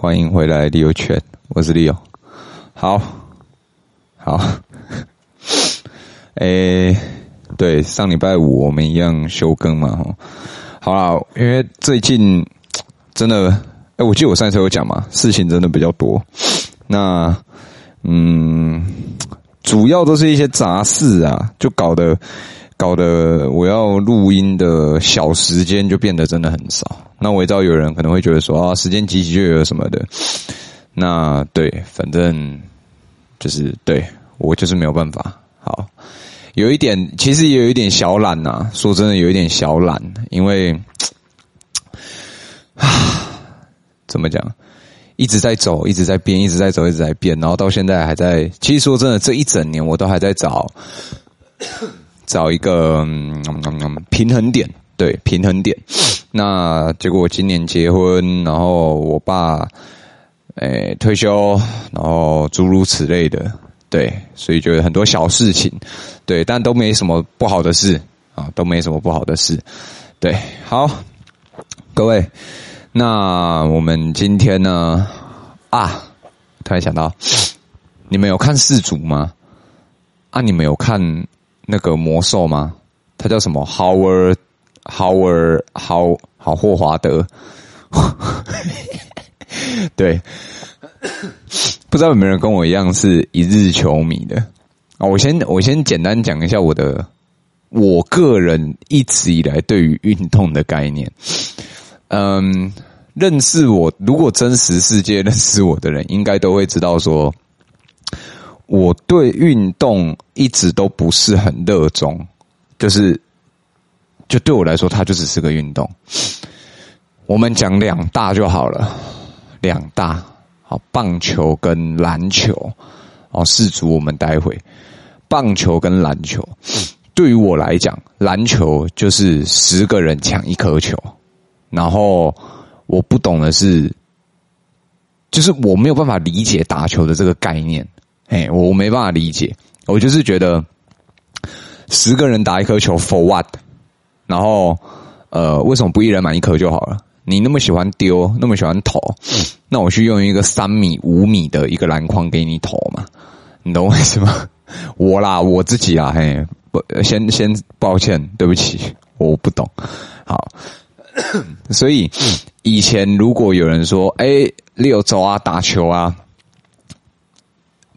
歡迎回來，Leo 圈，我是 Leo，好好，好 誒，對，上禮拜五我們一樣休更嘛，哈，好了，因為最近真的，哎，我記得我上一次有講嘛，事情真的比較多，那嗯，主要都是一些雜事啊，就搞得。搞得我要錄音的小時間就變得真的很少。那我也知道有人可能會覺得說啊，時間擠擠就有什麼的。那對，反正就是對，我就是沒有辦法。好，有一點其實也有一點小懶吶、啊。說真的，有一點小懶，因為啊，怎麼講，一直在走，一直在變，一直在走，一直在變，然後到現在還在。其實說真的，這一整年我都還在找。找一個、嗯嗯、平衡點，對，平衡點。那結果我今年結婚，然後我爸哎、欸、退休，然後諸如此類的，對。所以覺得很多小事情，對，但都沒什麼不好的事啊，都沒什麼不好的事。對，好，各位，那我們今天呢？啊，突然想到，你們有看世足嗎？啊，你們有看？那個魔獸嗎？他叫什麼？Howard，Howard，好，好，霍華德。 對，不知道有沒有人跟我一樣是一日球迷的？啊，我先，我先簡單講一下我的，我個人一直以來對於運動的概念。嗯，認識我，如果真實世界認識我的人，應該都會知道說。我對運動一直都不是很熱衷，就是，就對我來說，它就只是個運動。我們講兩大就好了，兩大好，棒球跟籃球哦，四足我們待會。棒球跟籃球，對於我來講，籃球就是十個人搶一顆球，然後我不懂的是，就是我沒有辦法理解打球的這個概念。哎、欸，我沒辦法理解，我就是覺得十個人打一顆球 for what？然後，呃，為什麼不一人買一顆就好了？你那麼喜歡丟，那麼喜歡投，那我去用一個三米、五米的一個籃筐給你投嘛？你懂我意思嗎？我啦，我自己啊，嘿、欸，不，先先抱歉，對不起，我不懂。好，所以以前如果有人說，哎、欸，六走啊，打球啊。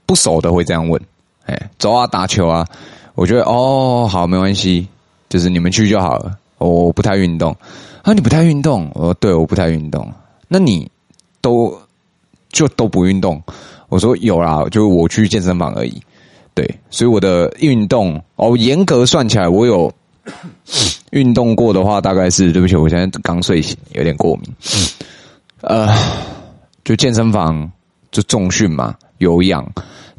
不熟的會這樣問，哎，走啊，打球啊！我覺得哦，好，沒關係，就是你們去就好了。我，我不太運動啊。你不太運動？呃，對，我不太運動。那你都就都不運動？我說有啦，就我去健身房而已。對，所以我的運動哦，嚴格算起來，我有運動過的話，大概是，對不起，我現在剛睡醒，有點過敏。呃，就健身房。就重訓嘛，有氧、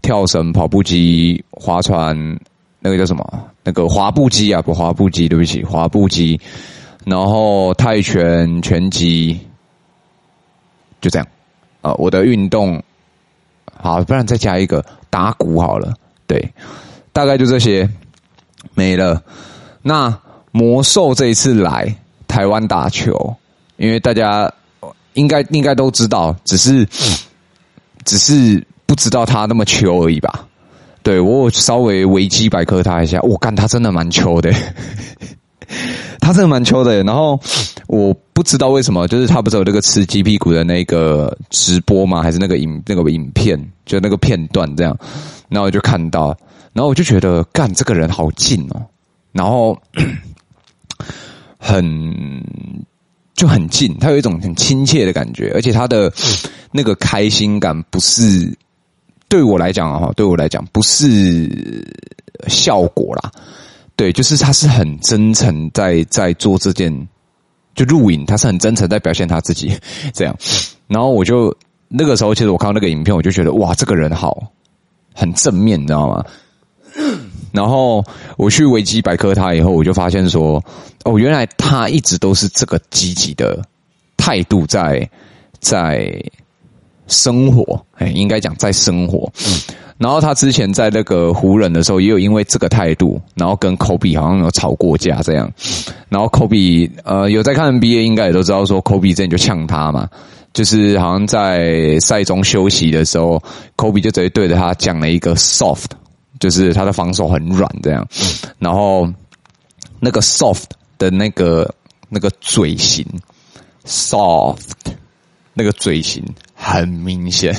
跳繩、跑步機、划船，那個叫什麼？那個滑步機啊，不滑步機，對不起，滑步機。然後泰拳、拳擊，就這樣。啊，我的運動，好，不然再加一個打鼓好了。對，大概就這些，沒了。那魔獸這一次來台灣打球，因為大家應該應該都知道，只是。只是不知道他那麼球而已吧，對我稍微維基百科他一下，我、哦、乾他真的蠻球的，他真的蠻球的， 的，蠻秋的。然後我不知道為什麼，就是他不是有那個吃雞屁股的那個直播嘛，還是那個影那個影片，就那個片段這樣，然後我就看到，然後我就覺得幹這個人好近哦，然後很。就很近，他有一種很親切的感覺，而且他的那個開心感不是，對我來講哈，對我來講不是效果啦，對，就是他是很真誠在在做這件就錄影，他是很真誠在表現他自己這樣，然後我就那個時候其實我看到那個影片，我就覺得哇，這個人好很正面，你知道嗎？然後我去維基百科他以後，我就發現說，哦，原來他一直都是這個積極的態度在在生活，哎，應該講在生活。嗯、然後他之前在那個湖人的時候，也有因為這個態度，然後跟科比好像有吵過架這樣。然後科比，呃，有在看 NBA，應該也都知道說，科比真的就嗆他嘛，就是好像在賽中休息的時候，科比、嗯、就直接對着他講了一個 soft。就是他的防守很軟，這樣，嗯、然後那個 soft 的那個那個嘴型，soft 那個嘴型很明顯，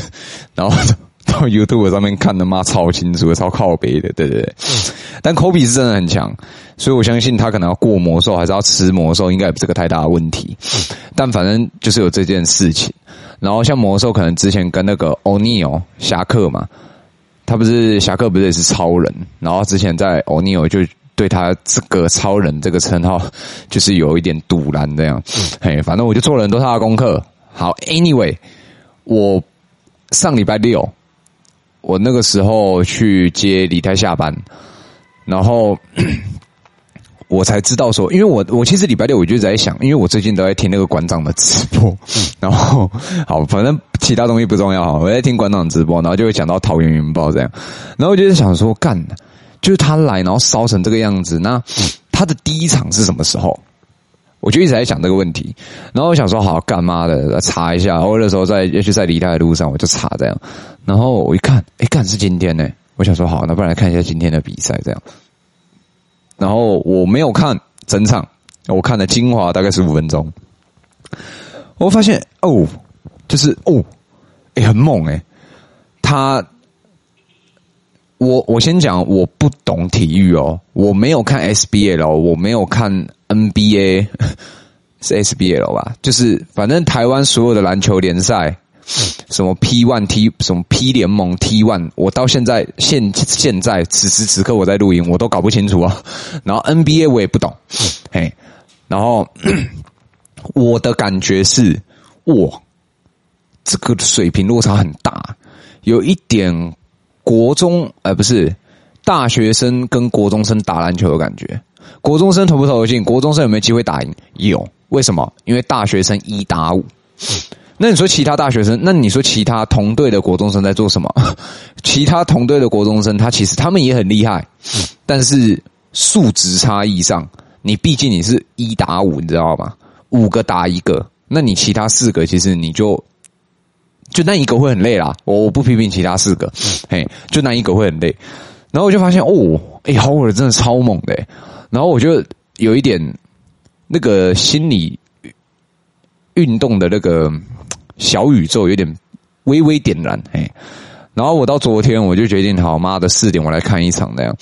然後到 YouTube 上面看的嘛超清楚，超靠北的，對不對,對？嗯、但 Kobe 是真的很強，所以我相信他可能要過魔獸，還是要吃魔獸，應該也不是個太大的問題。但反正就是有這件事情，然後像魔獸，可能之前跟那個歐尼爾俠客嘛。他不是，俠客不是也是超人？然後之前在歐尼爾就對他這個超人這個稱號就是有一點賭爛這樣。哎是，反正我就做了很多他的功課。好，anyway，我上禮拜六，我那個時候去接李太下班，然後。 我才知道說，因為我我其實禮拜六我就一直在想，因為我最近都在聽那個館長的直播，然後好，反正其他東西不重要，我在聽館長的直播，然後就會講到桃園雲豹這樣，然後我就在想說，幹，就是他來，然後燒成這個樣子，那他的第一場是什麼時候？我就一直在想這個問題，然後我想說，好，幹，媽的查一下，或者說在也許在離開的路上，我就查這樣，然後我一看，哎，幹是今天呢，我想說好，那不然來看一下今天的比賽這樣。然後我沒有看整場，我看了精華大概十五分鐘，我發現哦，就是哦，哎、欸、很猛哎、欸，他，我我先講我不懂體育哦，我沒有看 S B L，我沒有看 N B A，是 S B L 吧？就是反正台灣所有的籃球聯賽。什麼 P One T 什麼 P 聯盟 T One，我到現在現現在此時此刻我在錄音，我都搞不清楚啊。然後 NBA 我也不懂，然後我的感覺是，哇，這個水平落差很大，有一點國中哎、呃、不是大學生跟國中生打籃球的感覺。國中生投不投得進？國中生有沒有機會打贏？有，為什麼？因為大學生一打五。那你說其他大學生？那你說其他同隊的國中生在做什麼？ 其他同隊的國中生，他其實他們也很厲害，但是數值差異上，你畢竟你是一打五，你知道嗎？五個打一個，那你其他四個其實你就就那一個會很累啦。我我不批評其他四個，嘿，就那一個會很累。然後我就發現哦，哎，好火真的超猛的。然後我就有一點那個心理運動的那個。小宇宙有點微微點燃，哎，然後我到昨天我就決定，好媽的四點我來看一場這樣。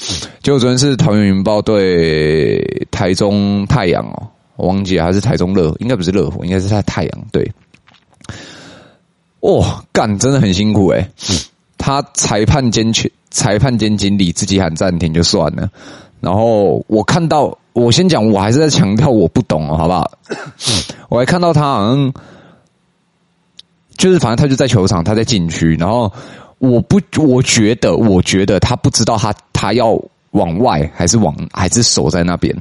結果昨天是桃園雲豹對台中太陽哦，我忘記了還是台中熱火，應該不是熱火，應該是台太陽對。哦，幹真的很辛苦哎，他裁判監區裁判兼經理自己喊暫停就算了，然後我看到，我先講，我還是在強調我不懂哦，好不好？我還看到他好像。就是反正他就在球場，他在禁區。然後我不，我覺得，我覺得他不知道他他要往外還是往還是守在那邊。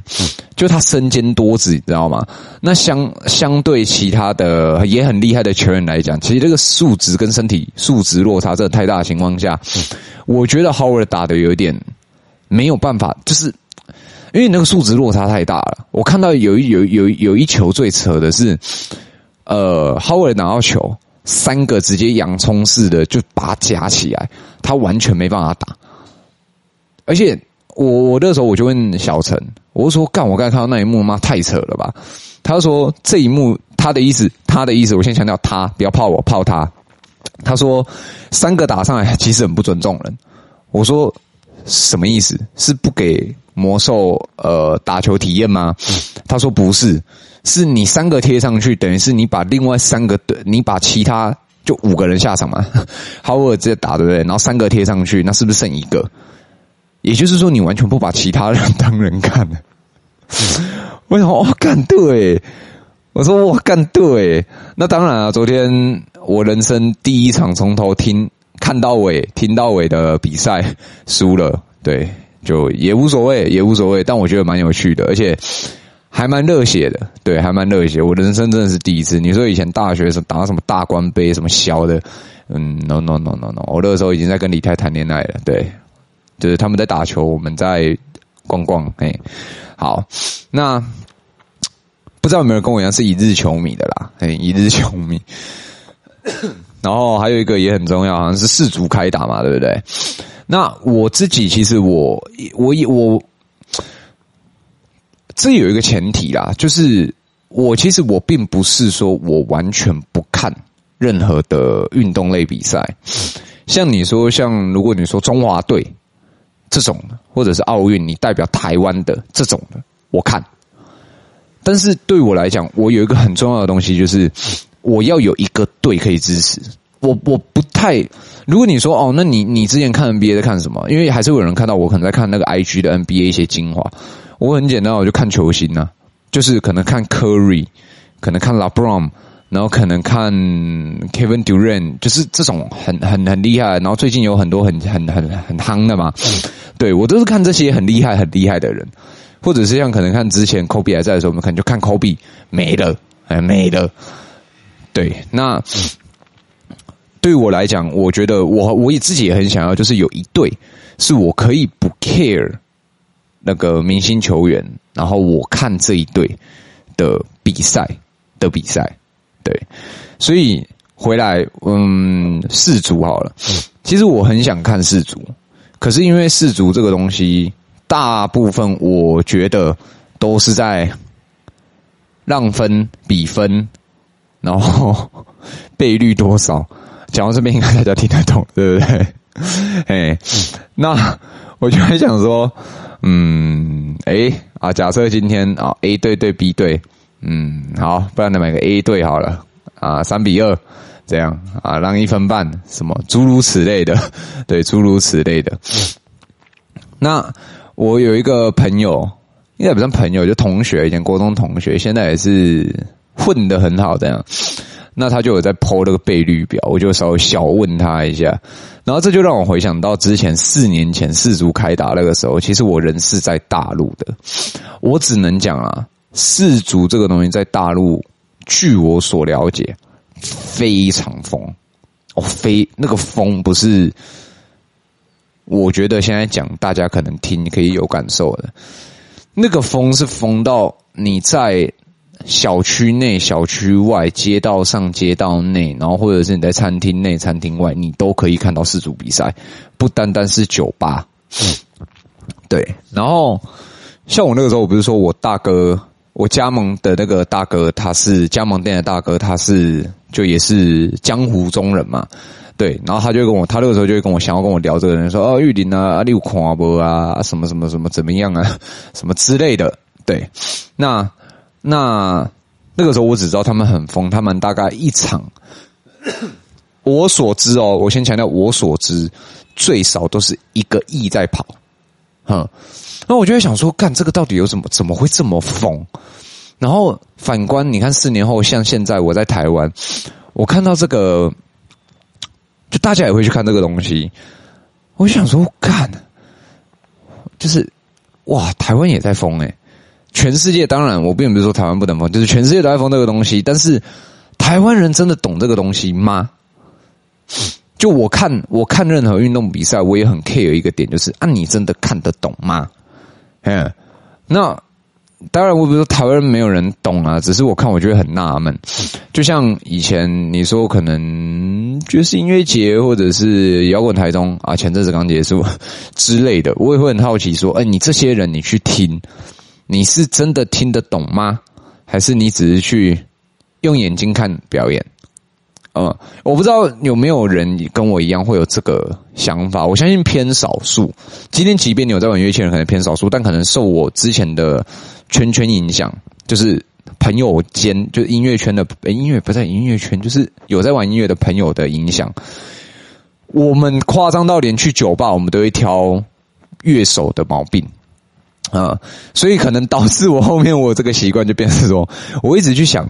就他身兼多職，你知道嗎？那相相對其他的也很厲害的球員來講，其實這個數值跟身體數值落差真的太大的情況下，我覺得 Howard 打得有一點沒有辦法，就是因為你那個數值落差太大了。我看到有一有有有一球最扯的是，呃，Howard 拿到球。三個直接洋蔥似的就把他夾起來，他完全沒辦法打。而且我我那時候我就問小陳，我就說：“幹，我剛才看到那一幕，媽太扯了吧？”他就說：“這一幕他的意思，他的意思，我先強調他，不要泡我，泡他。”他說：“三個打上來其實很不尊重人。”我說：“什麼意思？是不給魔獸呃打球體驗嗎？”他說：“不是。”是你三個貼上去，等於是你把另外三個，你把其他就五個人下場嘛？好，我直接打，對不對？然後三個貼上去，那是不是剩一個？也就是說，你完全不把其他人當人看的。我想，哇，幹對。我說，我幹對。那當然了，啊，昨天我人生第一場從頭聽看到尾聽到尾的比賽輸了，對，就也無所謂，也無所謂。但我覺得蠻有趣的，而且。還蠻熱血的，對，還蠻熱血的。我人生真的是第一次。你說以前大學時打什麼大官杯，什麼小的，嗯，no no no no no, no。我那個時候已經在跟李泰談戀愛了，對，就是他們在打球，我們在逛逛，哎，好，那不知道有沒有人跟我一樣是一日球迷的啦，哎，一日球迷。 然後還有一個也很重要，好像是世足開打嘛，對不對？那我自己其實我我也我。這有一個前提啦，就是我其實我並不是說我完全不看任何的運動類比賽，像你說像如果你說中華隊這種的，或者是奧運你代表台灣的這種的，我看。但是對我來講，我有一個很重要的東西，就是我要有一個隊可以支持我。我不太，如果你說哦，那你你之前看 NBA 在看什麼？因為還是會有人看到我可能在看那個 IG 的 NBA 一些精華。我很簡單，我就看球星吶、啊，就是可能看 Curry，可能看 LeBron，然後可能看 Kevin Durant，就是這種很很很厲害。然後最近有很多很很很很夯的嘛，對我都是看這些很厲害很厲害的人，或者是像可能看之前 Kobe 還在的時候，我們可能就看 Kobe。沒了，哎，沒了。對，那對我來講，我覺得我我也自己也很想要，就是有一隊，是我可以不 care。那個明星球員，然後我看這一隊的比賽的比賽，對，所以回來，嗯，四族好了。其實我很想看四族，可是因為四族這個東西，大部分我覺得都是在讓分、比分，然後倍率多少。講到這邊應該大家聽得懂，對不對？哎，那我就很想說。嗯，哎，啊，假設今天啊 A 隊對，對 B 隊，嗯，好，不然你買個 A 隊好了，啊，三比二這樣，啊，讓一分半，什麼諸如此類的，對，諸如此類的。那我有一個朋友，應該不算朋友，就同學以前國中同學，現在也是混得很好這樣。那他就有在 po 那個倍率表，我就稍微小問他一下，然後這就讓我回想到之前四年前世足開打那個時候，其實我人是在大陸的，我只能講啊，世足這個東西在大陸，據我所了解，非常瘋哦，非那個瘋不是，我覺得現在講大家可能聽你可以有感受的，那個瘋是瘋到你在。小區內、小區外、街道上、街道內，然後或者是你在餐廳內、餐廳外，你都可以看到四組比賽，不單單是酒吧。對，然後像我那個時候，我不是說我大哥，我加盟的那個大哥，他是加盟店的大哥，他是就也是江湖中人嘛。對，然後他就跟我，他那個時候就會跟我想要跟我聊這個人說：“哦，玉林啊，啊，力五狂波啊，什麼什麼什麼怎麼樣啊，什麼之類的。”對，那。那那個時候，我只知道他們很瘋，他們大概一場，我所知哦，我先強調我所知最少都是一個億在跑，哼、嗯，那我就在想說，幹這個到底有什麼？怎麼會這麼瘋？然後反觀，你看四年後，像現在我在台灣，我看到這個，就大家也會去看這個東西，我就想說，幹，就是哇，台灣也在瘋哎、欸。全世界當然，我並不是說台灣不能瘋，就是全世界都在瘋這個東西。但是，台灣人真的懂這個東西嗎？就我看，我看任何運動比賽，我也很 care 一個點，就是啊，你真的看得懂嗎？嗯，那當然，我比如說台灣人沒有人懂啊，只是我看我覺得很納悶。就像以前你說可能爵士音樂節或者是搖滾台中啊，前陣子剛結束之類的，我也會很好奇說，哎，你這些人，你去聽。你是真的聽得懂嗎？還是你只是去用眼睛看表演？呃、嗯，我不知道有沒有人跟我一樣會有這個想法。我相信偏少數。今天即便你有在玩音樂圈，可能偏少數，但可能受我之前的圈圈影響，就是朋友間，就是音樂圈的、欸、音樂不在音樂圈，就是有在玩音樂的朋友的影響。我們誇張到連去酒吧，我們都會挑樂手的毛病。啊、嗯，所以可能導致我後面我這個習慣就變成說，我一直去想，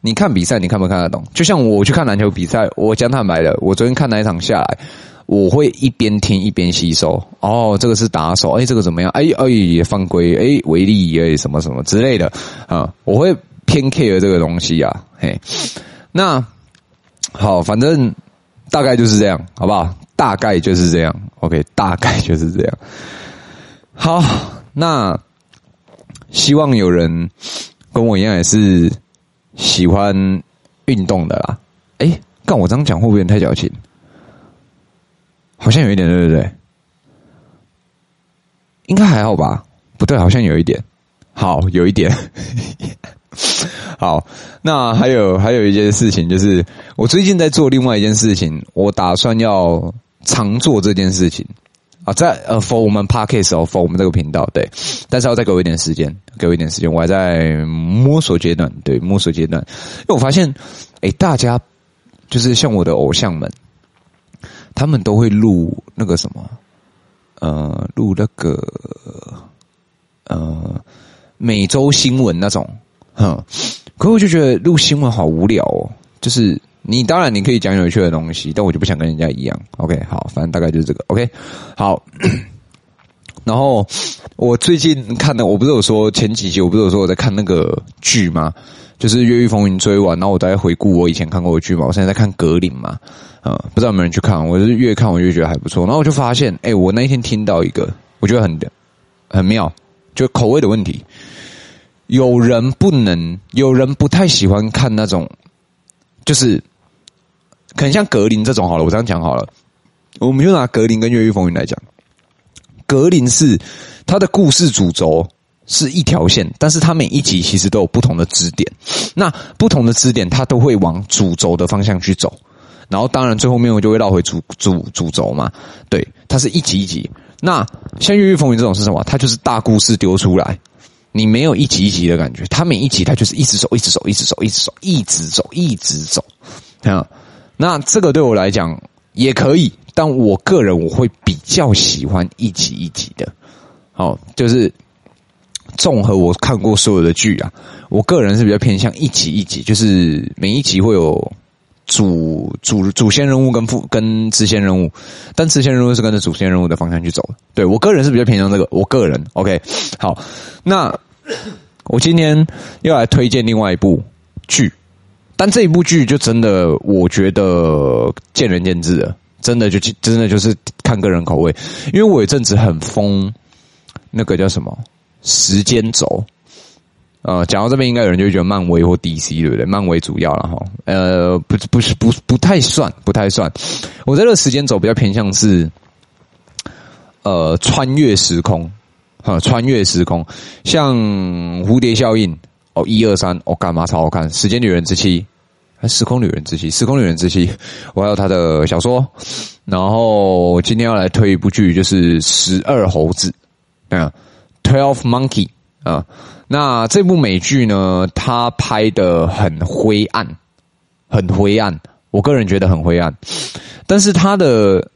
你看比賽，你看不看得懂？就像我去看籃球比賽，我講坦白的，我昨天看哪一場下來，我會一邊聽一邊吸收。哦，這個是打手，哎，這個怎麼樣？哎，哎也犯規，哎，違例，哎，什麼什麼之類的啊、嗯，我會偏 care 這個東西啊。嘿。那好，反正大概就是這樣，好不好？大概就是這樣，OK，大概就是這樣。好，那希望有人跟我一樣也是喜歡運動的啦。哎，幹我這樣講會不會有點太矯情？好像有一點，對不對，應該還好吧？不對，好像有一點，好有一點。 yeah. 好，那還有還有一件事情，就是我最近在做另外一件事情，我打算要常做這件事情。啊，在呃，for 我們 Podcast 的時候，for 我們這個頻道，對，但是要再給我一點時間，給我一點時間，我還在摸索階段，對，摸索階段，因為我發現，哎，大家就是像我的偶像們，他們都會錄那個什麼，呃，錄那個，呃，每週新聞那種，哼，可是我就覺得錄新聞好無聊哦，就是。你當然你可以講有趣的東西，但我就不想跟人家一樣。OK，好，反正大概就是這個。OK，好。 然後我最近看的，我不是有說前幾集，我不是有說我在看那個劇嗎？就是《越獄風雲》追完，然後我都在回顧我以前看過的劇嘛。我現在在看《格林》嘛，嗯，不知道有沒有人去看。我就是越看我越覺得還不錯。然後我就發現，哎，我那一天聽到一個，我覺得很很妙，就口味的問題。有人不能，有人不太喜歡看那種，就是。可能像格林這種好了，我這樣講好了，我們就拿格林跟越獄風雲來講。格林是它的故事主軸是一條線，但是它每一集其實都有不同的支點，那不同的支點它都會往主軸的方向去走，然後當然最後面我就會繞回主主主軸嘛。對，它是一集一集。那像越獄風雲這種是什麼？它就是大故事丟出來，你沒有一集一集的感覺。它每一集它就是一直走，一直走，一直走，一直走，一直走，一直走，看。那這個對我來講也可以，但我個人我會比較喜歡一集一集的。好，就是綜合我看過所有的劇啊，我個人是比較偏向一集一集，就是每一集會有主主主線任務跟副跟支線任務，但支線任務是跟着主線任務的方向去走的。對，我個人是比較偏向這個，我個人 OK。好，那我今天要來推薦另外一部劇。但這一部劇就真的，我覺得見仁見智啊，真的就真的就是看個人口味。因為我有陣子很瘋，那個叫什麼時間軸？呃，講到這邊，應該有人就會覺得漫威或 DC 對不對？漫威主要了哈，呃不，不，不是，不，不太算，不太算。我覺得時間軸比較偏向是，呃，穿越時空啊，穿越時空，呃、時空像蝴蝶效應，哦，一二三，哦，幹嘛超好看？時間旅人之妻。時空旅人之妻，時空旅人之妻，我還有他的小說。然後今天要來推一部劇，就是《十二猴子》啊，嗯，《Twelve Monkey》，嗯啊。那這部美劇呢，它拍的很灰暗，很灰暗。我個人覺得很灰暗，但是它的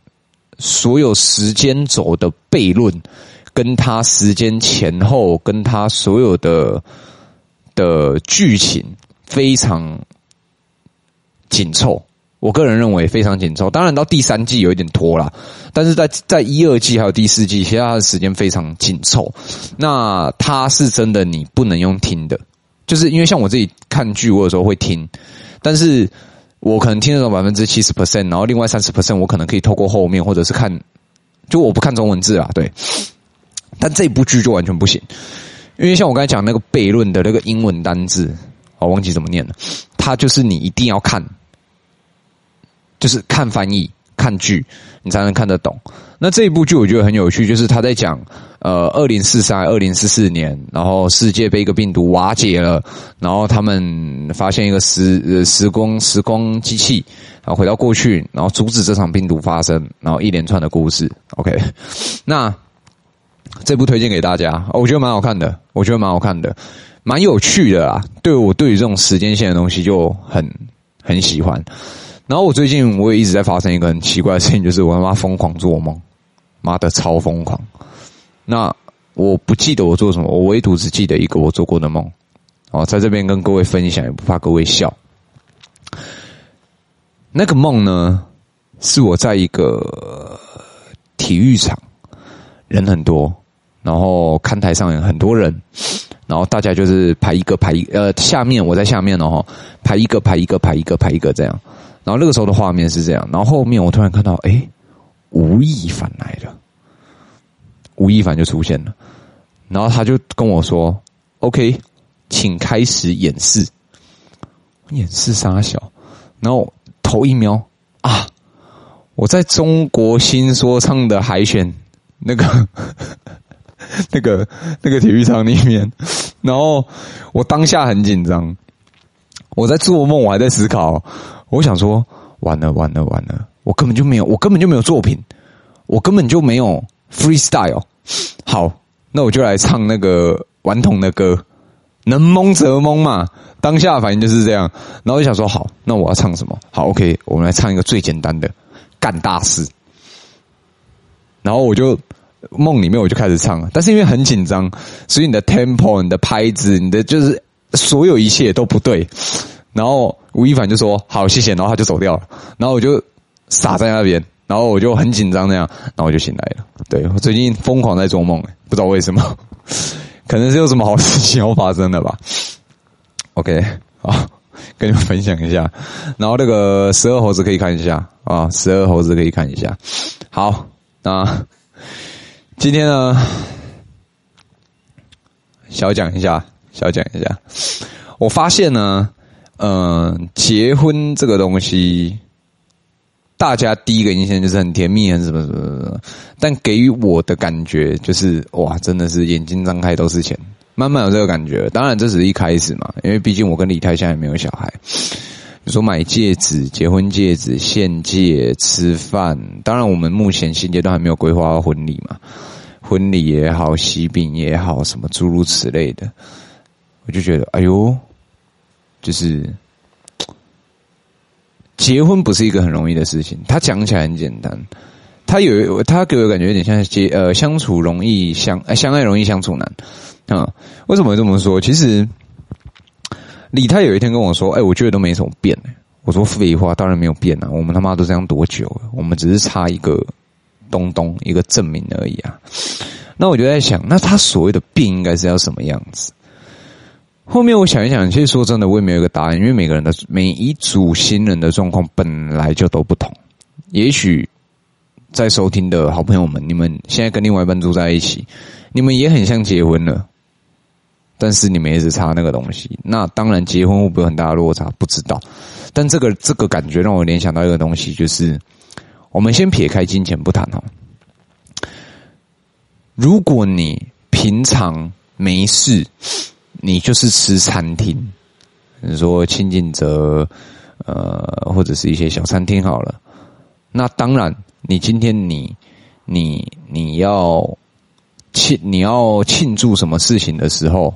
所有時間軸的悖論，跟他時間前後，跟他所有的的劇情非常。緊湊，我個人認為非常緊湊。當然，到第三季有一點拖了，但是在在一二季還有第四季，其他的時間非常緊湊。那它是真的，你不能用聽的，就是因為像我自己看劇，我有時候會聽，但是我可能聽得懂百分之七十 percent，然後另外三十 percent，我可能可以透過後面或者是看，就我不看中文字啦，對。但這一部劇就完全不行，因為像我剛才講那個悖論的那個英文單字，我忘記怎麼念了。它就是你一定要看，就是看翻譯、看劇，你才能看得懂。那這一部劇我覺得很有趣，就是他在講，呃，二零四三、二零四四年，然後世界被一個病毒瓦解了，然後他們發現一個時時光、呃、時光機器，然後回到過去，然後阻止這場病毒發生，然後一連串的故事。OK，那這部推薦給大家，我覺得蠻好看的，我覺得蠻好看的。蠻有趣的啦，對我對於這種時間線的東西就很很喜歡。然後我最近我也一直在發生一個很奇怪的事情，就是我媽瘋狂做夢，媽的超瘋狂。那我不記得我做什麼，我唯獨只記得一個我做過的夢。哦，在這邊跟各位分享，也不怕各位笑。那個夢呢，是我在一個體育場，人很多，然後看台上有很多人。然後大家就是排一個排一呃，下面我在下面呢、哦、哈，排一，排一個排一個排一個排一個這樣。然後那個時候的畫面是這樣。然後後面我突然看到，哎，吳亦凡來了，吳亦凡就出現了。然後他就跟我說：“OK，請開始演示，演示殺小。”然後頭一瞄啊，我在中國新說唱的海選那個。那個那個體育場裡面，然後我當下很緊張，我在做夢，我還在思考，我想說完了完了完了，我根本就沒有，我根本就沒有作品，我根本就沒有 freestyle。好，那我就來唱那個頑童的歌，能蒙則蒙嘛，當下的反應就是這樣。然後我想說，好，那我要唱什麼？好，OK，我們來唱一個最簡單的，幹大事。然後我就。夢裡面我就開始唱了，但是因為很緊張，所以你的 tempo、你的拍子、你的就是所有一切都不對。然後吳亦凡就說：“好，謝謝。”然後他就走掉了。然後我就傻在那邊，然後我就很緊張那樣。然後我就醒來了。對，我最近瘋狂在做夢，欸，不知道為什麼，可能是有什麼好事情要發生了吧。OK，好，跟你們分享一下。然後那個十二猴子可以看一下啊，哦，十二猴子可以看一下。好啊。那今天呢，小講一下，小講一下。我發現呢，嗯，結婚這個東西，大家第一個印象就是很甜蜜，很什麼，什麼什麼。但給予我的感覺就是，哇，真的是眼睛張開都是錢。慢慢有這個感覺，當然這只是一開始嘛，因為畢竟我跟李太現在也沒有小孩。說買戒指，結婚戒指，現戒，吃飯。當然我們目前現階段還沒有規劃婚禮嘛，婚禮也好、喜餅也好，什麼諸如此類的，我就覺得，哎呦，就是結婚不是一個很容易的事情。他講起來很簡單，他有他給我感覺有點像結呃相處容易相相愛容易相處難啊、嗯？為什麼會這麼說？其實。李太有一天跟我說：“哎、欸，我覺得都沒什麼變。”哎，我說：“廢話，當然沒有變啊，我們他媽都這樣多久了？我們只是差一個東東，一個證明而已啊。”那我就在想，那他所謂的變應該是要什麼樣子？後面我想一想，其實說真的，我也沒有一個答案，因為每個人的每一組新人的狀況本來就都不同。也許在收聽的好朋友們，你們現在跟另外一半住在一起，你們也很像結婚了。但是你們一直差那個東西，那當然結婚會不會有很大的落差不知道。但這個這個感覺讓我聯想到一個東西，就是我們先撇開金錢不談哈。如果你平常沒事，你就是吃餐廳，你說清靜則呃，或者是一些小餐廳好了。那當然，你今天你你你要。慶你要慶祝什麼事情的時候，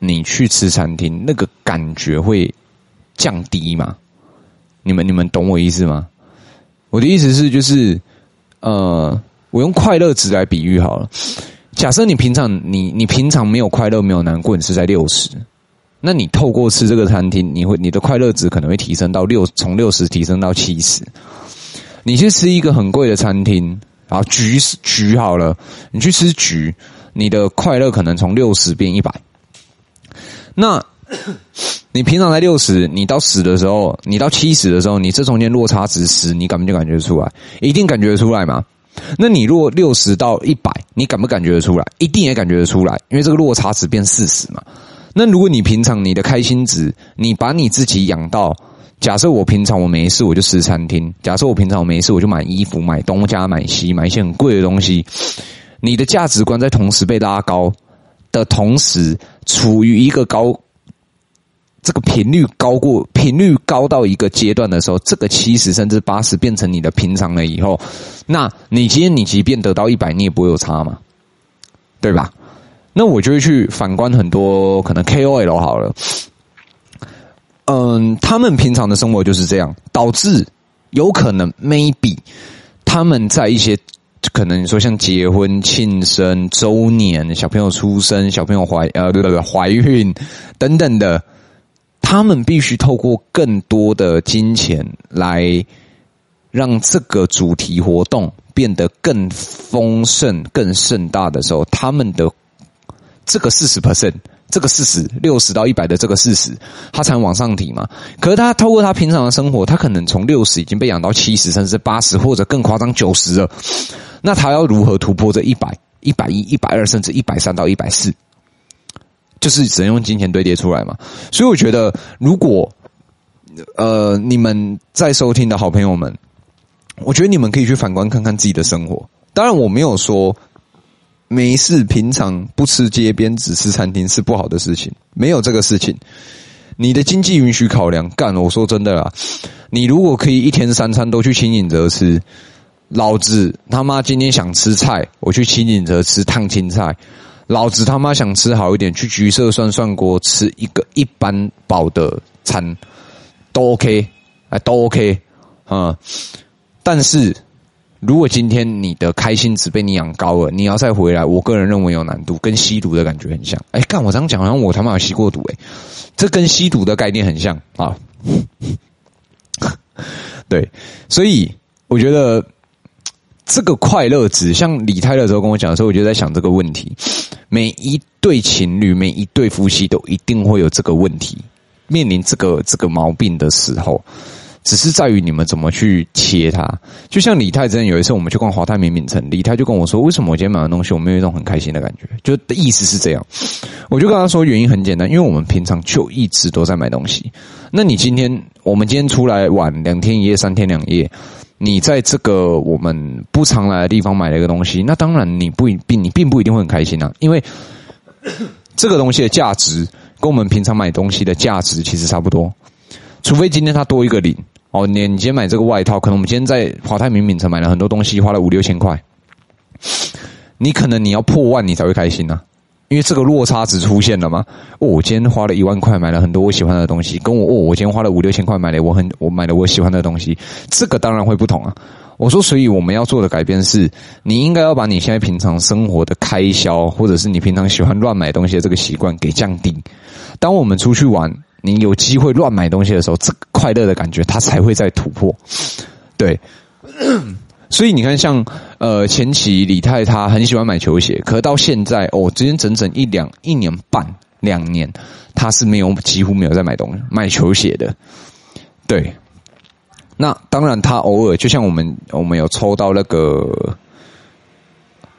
你去吃餐廳，那個感覺會降低嘛？你們你們懂我意思嗎？我的意思是就是，呃，我用快樂值來比喻好了。假設你平常你你平常沒有快樂沒有難過，你是在六十，那你透過吃這個餐廳，你會你的快樂值可能會提升到六，從六十提升到七十。你去吃一個很貴的餐廳。啊，橘是橘好了，你去吃橘，你的快樂可能從六十變一百。那，你平常在六十，你到死的時候，你到七十的時候，你這中間落差值十，你感不就感覺出來？一定感覺出來嘛？那你落六十到一百，你感不感覺得出來？一定也感覺得出來，因為這個落差值變四十嘛。那如果你平常你的開心值，你把你自己養到。假設我平常我沒事我就吃餐廳，假設我平常我沒事我就買衣服、買東家、買西，買一些很貴的東西。你的價值觀在同時被拉高的同時，處於一個高這個頻率高過頻率高到一個階段的時候，這個七十甚至八十變成你的平常了以後，那你今天你即便得到一百，你也不會有差嘛，對吧？那我就會去反觀很多可能 KOL 好了。嗯，他們平常的生活就是這樣，導致有可能 maybe 他們在一些可能你說像結婚、慶生、週年、小朋友出生、小朋友懷呃對對對懷孕等等的，他們必須透過更多的金錢來讓這個主題活動變得更豐盛、更盛大的時候，他們的這個四十 percent。這個四十，六十到一百的這個四十，他才往上提嘛。可是他透過他平常的生活，他可能從六十已經被養到七十，甚至八十，或者更誇張九十了。那他要如何突破這一百、一百一、一百二，甚至一百三到一百四？就是只能用金錢堆疊出來嘛。所以我覺得，如果，呃，你們在收聽的好朋友們，我覺得你們可以去反觀看看自己的生活。當然，我沒有說。沒事，平常不吃街邊，只吃餐廳是不好的事情。沒有這個事情，你的經濟允許考量幹。我說真的啦，你如果可以一天三餐都去清景澤吃，老子他媽今天想吃菜，我去清景澤吃燙青菜；老子他媽想吃好一點，去橘色涮涮鍋吃一個一般飽的餐都 OK，都 OK 啊、嗯。但是。如果今天你的開心值被你養高了，你要再回來，我個人認為有難度，跟吸毒的感覺很像。哎、欸，看我這樣講，好像我他媽有吸過毒哎、欸，這跟吸毒的概念很像啊。好 對，所以我覺得這個快樂值，像李太的時候跟我講的時候，我就在想這個問題。每一對情侶，每一對夫妻，都一定會有這個問題，面臨這個這個毛病的時候。只是在於你們怎麼去切它，就像李太，之前有一次我們去逛華泰名品城，李太就跟我說：“為什麼我今天買的東西我沒有一種很開心的感覺？”就的意思是這樣，我就跟他說原因很簡單，因為我們平常就一直都在買東西。那你今天，我們今天出來玩兩天一夜，三天兩夜，你在這個我們不常來的地方買了一個東西，那當然你不一定你並不一定會很開心啊，因為這個東西的價值跟我們平常買東西的價值其實差不多，除非今天它多一個零。哦，你你今天買這個外套，可能我們今天在華泰名品城買了很多東西，花了五六千塊。你可能你要破萬，你才會開心吶、啊，因為這個落差值出現了嗎？哦，我今天花了一萬塊買了很多我喜歡的東西，跟我哦，我今天花了五六千塊買了我很我買了我喜歡的東西，這個當然會不同啊。我說，所以我們要做的改變是你應該要把你現在平常生活的開銷，或者是你平常喜歡亂買東西的這個習慣給降低。當我們出去玩，你有機會亂買東西的時候，這個、快樂的感覺，它才會再突破。對， 所以你看像、像呃前期李泰他很喜歡買球鞋，可到現在哦，今天整整一兩一年半兩年，他是沒有幾乎沒有在買東西買球鞋的。對，那當然他偶爾就像我們我們有抽到那個，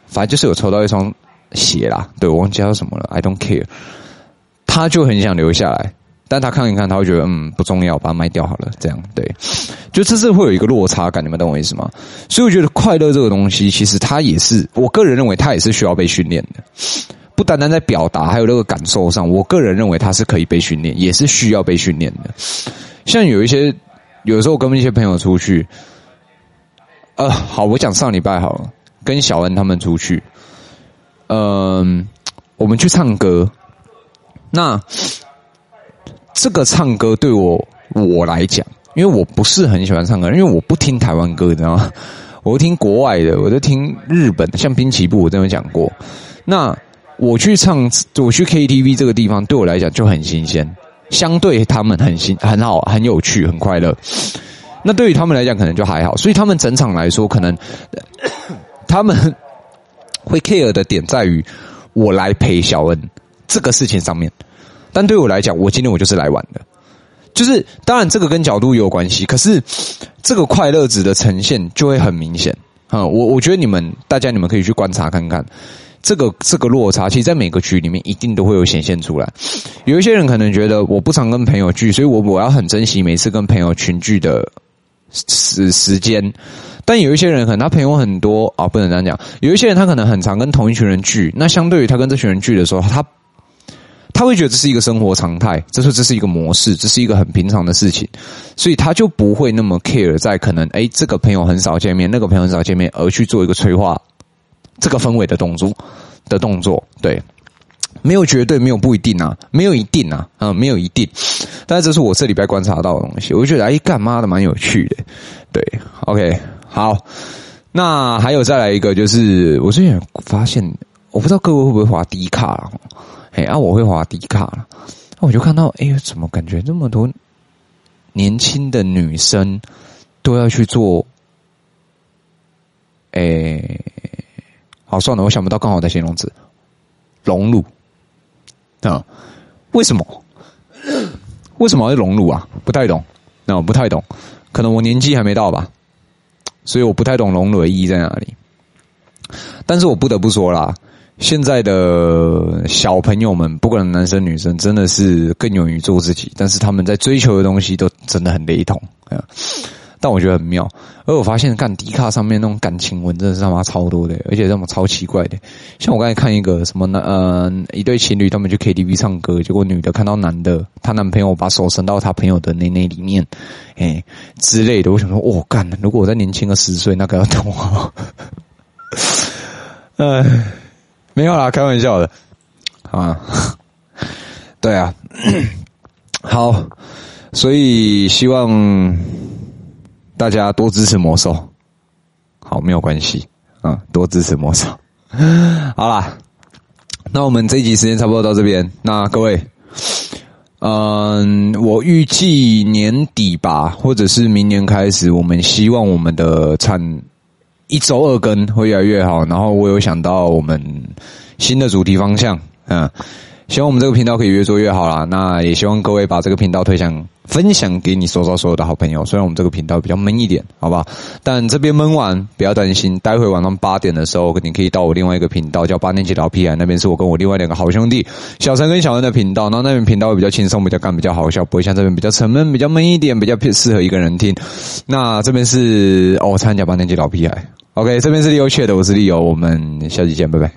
反正就是有抽到一雙鞋啦。對，我忘記叫什麼了，I don't care，他就很想留下來。但他看一看，他會覺得嗯，不重要，把它賣掉好了。這樣對，就這次會有一個落差感，你們懂我意思嗎？所以我覺得快樂這個東西，其實它也是我個人認為，它也是需要被訓練的。不單單在表達，還有那個感受上，我個人認為它是可以被訓練，也是需要被訓練的。像有一些，有時候我跟一些朋友出去，呃，好，我講上禮拜好了，跟小恩他們出去，嗯、呃，我們去唱歌，那。這個唱歌對我我來講，因為我不是很喜歡唱歌，因為我不聽台灣歌，你知道嗎？我都聽國外的，我在聽日本的，像濱崎步，我這樣講過。那我去唱，我去 KTV 這個地方，對我來講就很新鮮，相對他們很新、很好、很有趣、很快樂。那對於他們來講，可能就還好。所以他們整場來說，可能他們會 care 的點在於我來陪小恩這個事情上面。但對我來講，我今天我就是來玩的，就是當然這個跟角度也有關係，可是這個快樂值的呈現就會很明顯啊、嗯！我我覺得你們大家你們可以去觀察看看，這個這個落差，其實，在每個區裡面一定都會有顯現出來。有一些人可能覺得我不常跟朋友聚，所以我我要很珍惜每次跟朋友群聚的時時間。但有一些人可能他朋友很多啊、哦，不能這樣講。有一些人他可能很常跟同一群人聚，那相對於他跟這群人聚的時候，他。他會覺得這是一個生活常態，這是這是一個模式，這是一個很平常的事情，所以他就不會那麼 care 在可能哎，這個朋友很少見面，那個朋友很少見面，而去做一個催化這個氛圍的動作的動作。對，沒有絕對，沒有不一定啊，沒有一定啊，沒、嗯、沒有一定。但是這是我這禮拜觀察到的東西，我就覺得哎，幹嘛的蠻有趣的。對，OK，好，那還有再來一個，就是我最近發現，我不知道各位會不會滑低卡。哎，啊，我會滑迪卡了，那、啊、我就看到，哎，怎麼感覺這麼多年輕的女生都要去做？哎，好算了，我想不到更好的形容詞，龍入，啊、嗯，為什麼？為什麼要龍入啊？不太懂，那、嗯、我不太懂，可能我年紀還沒到吧，所以我不太懂龍入的意義在哪裡。但是我不得不說啦、啊。現在的小朋友們，不管男生女生，真的是更勇於做自己，但是他們在追求的東西都真的很雷同，但我覺得很妙。而我發現，看迪卡上面那種感情文，真的是他媽超多的，而且那我超奇怪的。像我剛才看一個什麼嗯，一對情侶他們去 KTV 唱歌，結果女的看到男的，她男朋友把手伸到他朋友的內內裡面，哎之類的。我想說，我、哦、幹，如果我再年輕個十歲，那個要多啊！ 沒有啦，開玩笑的啊！對啊，好，所以希望大家多支持魔獸，好，沒有關係啊，多支持魔獸。好啦，那我們這一集時間差不多到這邊，那各位，嗯、呃，我預計年底吧，或者是明年開始，我們希望我們的產一週二更會越來越好，然後我有想到我們新的主題方向。嗯，希望我們這個頻道可以越做越好啦。那也希望各位把這個頻道推向，分享給你所在所有的好朋友。雖然我們這個頻道比較悶一點，好不好？但這邊悶完不要擔心，待會晚上八點的時候，你可以到我另外一個頻道叫八年級老屁孩，那邊是我跟我另外兩個好兄弟小陳跟小恩的頻道。然後那邊頻道會比較輕鬆，比較幹，比較好笑，不會像這邊比較沉悶，比較悶一點，比較偏適合一個人聽。那這邊是哦，參加八年級老屁孩。OK，這邊是利友圈的，我是利友，我們下期見，拜拜。